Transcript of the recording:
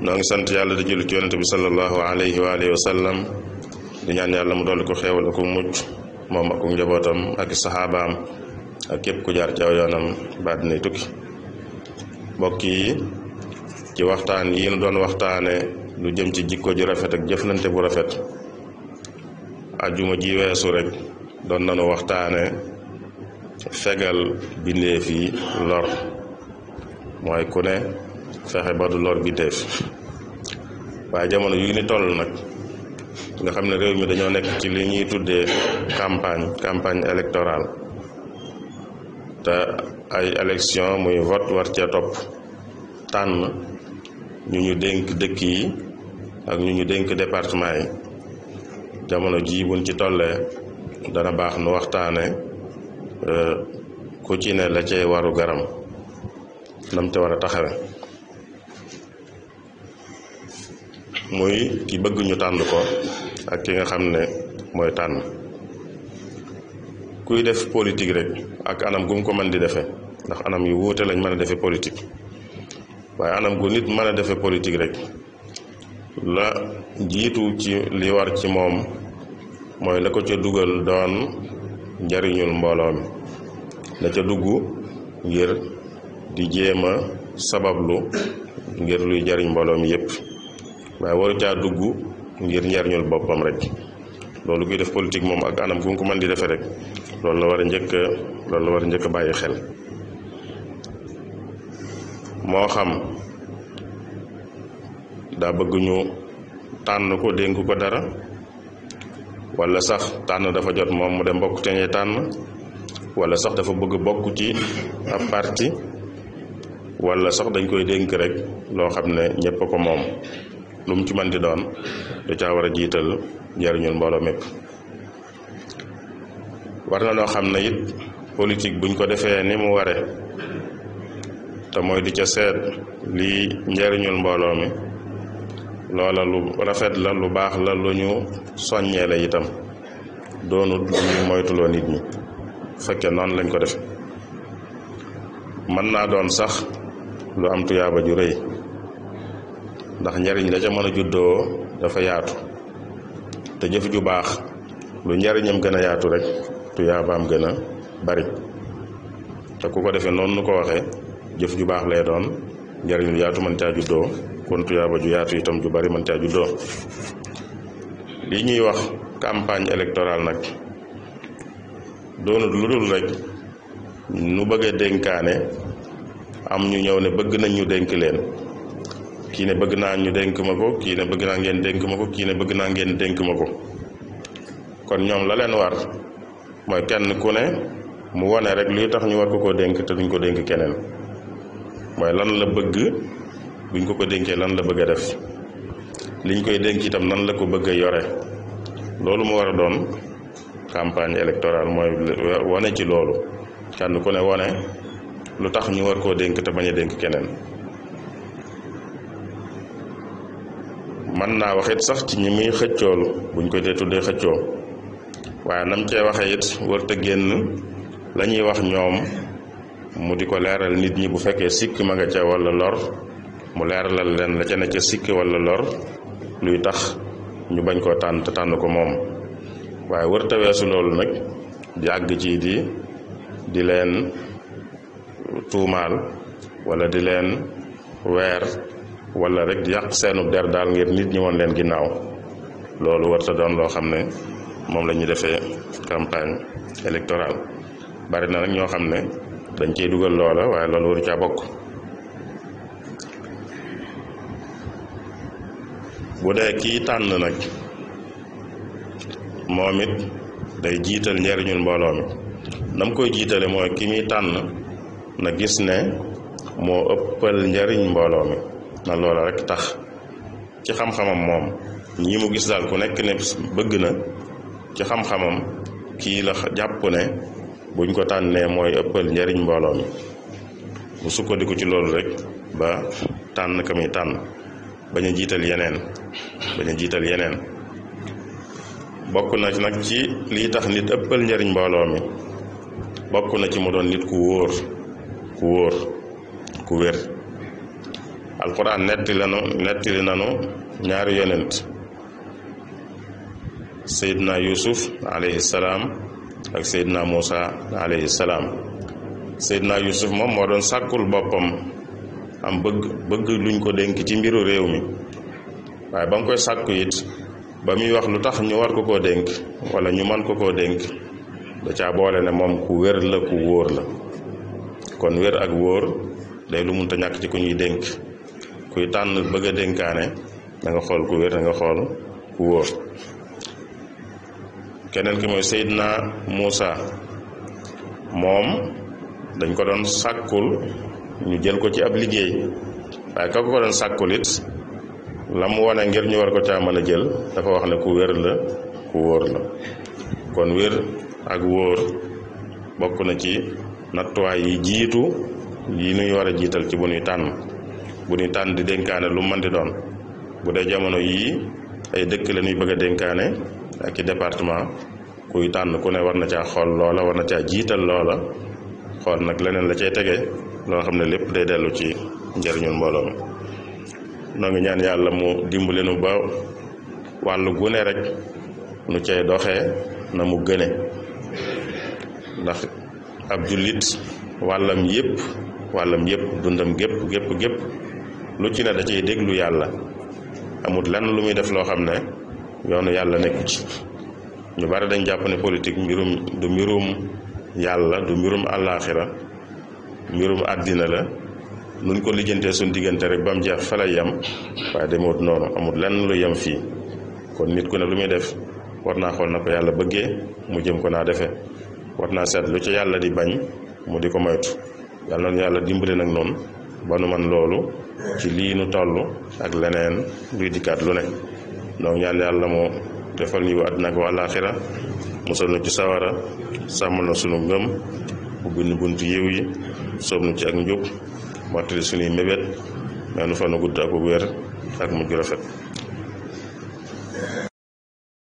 noo ngi sant yàlla di julit yonente bi salallahu alayhi wa alihi wa sallam di ñaan yàlla mu dolli ko xéewal ko mujj moom ak njabootam ak sahaabaam ak képp ku jaar jaw yoonam baat nay tukki mbokk yi ci waxtaan yi nu doon waxtaane lu jëm ci jikko ju rafet ak jëflante bu rafet ajuma ji weesu rek doon nanu waxtaane fegal bindeef yi lor mooy ku ne fexe ba du lor bi teef waaye jamono yu ni toll nag nga xam ne réew mi dañoo nekk ci li ñuy tuddee campagne campagne électorale te ay élection muy vote war cee topp tànn ñu ñu dénk dëkk yi ak ñu ñu dénk département yi jamono jii buñ ci tollee dana baax nu waxtaane euh, ku ci ne la cay waru garam nam te war a taxawe muy ki bëgg ñu tànn ko ak ki nga xam ne mooy tànn kuy def politique rek ak anam gu mu ko mën di defee ndax anam yi wuute lañ mën a defee politique waaye anam gu nit mën a defee politique rek la jiitu ci li war ci moom mooy la ko ca dugal doon njariñul mbooloo mi la ca dugg ngir di jéem a sabablu ngir luy jariñ mbooloo mi yépp waaye waru ca duggu ngir njariñul bopam rek lolou guy def politique mom ak anam gum ko man di def rek lolou la wara ñeek lolou la wara ñeek baye xel mo xam da bëgg ñu tànn ko deeng ko dara wala sax tànn dafa jot mom mu dem bokk teñe ñuy wala sax dafa bëgg bokk ci parti wala sax dañ koy rek lo xamne ne ko mom lu mu ci manti doon lu caa war a jiital njariñul mbooloo mépp war na noo xam ne it politik buñ ko defee ni mu ware te mooy di ca seet li njariñul mbooloo mi loola lu rafet la lu baax la lu ñu soññee la itam doonut lu ñuy moytuloo nit ñi fekke noonu lañ ko defe mën naa doon sax lu am tuyaaba ju rëy ndax njariñ la ca mën a juddoo dafa yaatu te jëf ju baax lu njariñam gën a yaatu rek tuyaabaam gën a bari te ku ko defee noonu nu ko waxee jëf ju baax lay doon njariñ lu yaatu mën caa juddoo kon tuyaaba ju yaatu itam ju bari mën caa juddoo li ñuy wax campagne électorale nag doonut lu dul rek nu bëggee a dénkaane am ñu ñëw ne bëgg nañ ñu dénk leen kii ne bëgg naa ñu dénk ma ko kii ne bëgg naa ngeen dénk ma ko kii bëgg naa ngeen dénk ma ko kon ñoom la leen war mooy kenn ku ne mu wone rek luy tax ñu war ko koo dénk te duñ ko dénk keneen mooy lan la bëgg buñ ko ko dénkee lan la bëgg a def liñ koy dénk nan la ko bëgg a loolu mu war a doon campagne électorale mooy ci loolu kenn ku ne wane lu tax ñu war koo dénk te bañ a dénk keneen man naa wax sax ci ñi muy xëccool buñ ko dee tuddee xëccoo waaye nam cee waxee it wër génn lañuy wax ñoom mu di ko leeral nit ñi bu fekkee sikk ma nga ca walla lor mu leeralal leen la ca ne ca sikk walla lor luy tax ñu bañ koo tànn te tànn ko moom waaye wër weesu loolu nag di àgg ci di di leen tuumaal walla di leen weer wala rek yàq seenub der daal ngir nit ñi woon leen ginnaaw loolu warta doon loo xam ne moom lañuy defee campagne électorale bari na nag ñoo xam ne dañ cey dugal loola waaye loolu waru caa bokk bu dee kii tànn nag moom it day jiital njariñul mbooloo mi nam koy jiitale mooy ki muy tànn na gis ne moo ëppal njariñ mbooloo mi na loola rek tax ci xam-xamam moom ñi mu gis daal ku nekk ne bëgg na ci xam-xamam kii la jàpp ne buñ ko tànnee mooy ëppal njariñ mbooloo mi bu sukkandiku ci loolu rekk ba tànn ka muy tànn bañ a jiital yeneen bañ a jiital yeneen bokk na nag ci lii tax nit ëppal njariñ mbooloo mi bokk na ci mu doon nit ku wóor ku wóor ku wér alquran netti lanu nettali nanu ñaari yonent sayidna yusuf alayhi salaam ak sayidna muusa alayhi salaam sayidna yusuf moom moo doon sàkkul boppam am bëgg bëgg luñ ko dénk ci mbiru réew mi waaye ba koy sàkku it ba muy wax lu tax ñu war ko koo dénk wala ñu man ko koo dénk da caa boole ne moom ku wér la ku wóor la kon wér ak wóor day lu munta ñàkk ci ku ñuy dénk kuy tànn bëgg a danga xool ku wér da nga xool ku wóor keneen ki mooy seyt Seydina Muusa moom dañ ko doon sàkkul ñu jël ko ci ab liggéey waaye ka ko doon sàkkul it la mu wane ngir ñu war ko caa mën a jël dafa wax ne ku wér la ku wóor la kon wér ak wóor bokk na ci nattuwaay yi jiitu yi nuy war a jiital ci bu nuy tànn bu ñu tànn di dénkaane lu mën di doon bu dee jamono yii ay dëkk la ñuy bëgg a dénkaane ak i département kuy tànn ku ne war na caa xool loola war na caa jiital loola xool nag leneen la cay tege loo xam ne lépp day dellu ci njëriñul mbooloo mi noo ngi ñaan yàlla mu dimbali nu ba wàllu gune rek nu cay doxe na mu gëne ndax ab jullit wàllam yépp wàllam yépp dundam gépp gépp gépp lu ci ne da cay déglu yàlla amut lenn lu muy def loo xam ne yoonu yàlla nekku ci ñu bari dañ jàpp ne politique mbirum du mbirum yàlla du mbirum àllaaxira mbirum àddina la luñ ko lijjantee suñ diggante rek ba mu jeex fa la yem waaye demut noonu amut lenn lu yem fii kon nit ku ne lu muy def war naa xool na ko yàlla bëggee mu jëm ko naa defe war naa seet lu ci yàlla di bañ mu di ko moytu yàlla noonu yàlla dimbale nag noonu banu man loolu ci lii nu toll ak leneen luy dikkaat lu ne donc ñaan yàlla moo defal ñu àdduna ak waa laaxira mosal na ci sawara sàmm na sunu ngëm bu bind bunt yiw yi soob nu ci ak njub mottali sunuy mébét mais nu fa nu gudd ak wér ak mujj rafet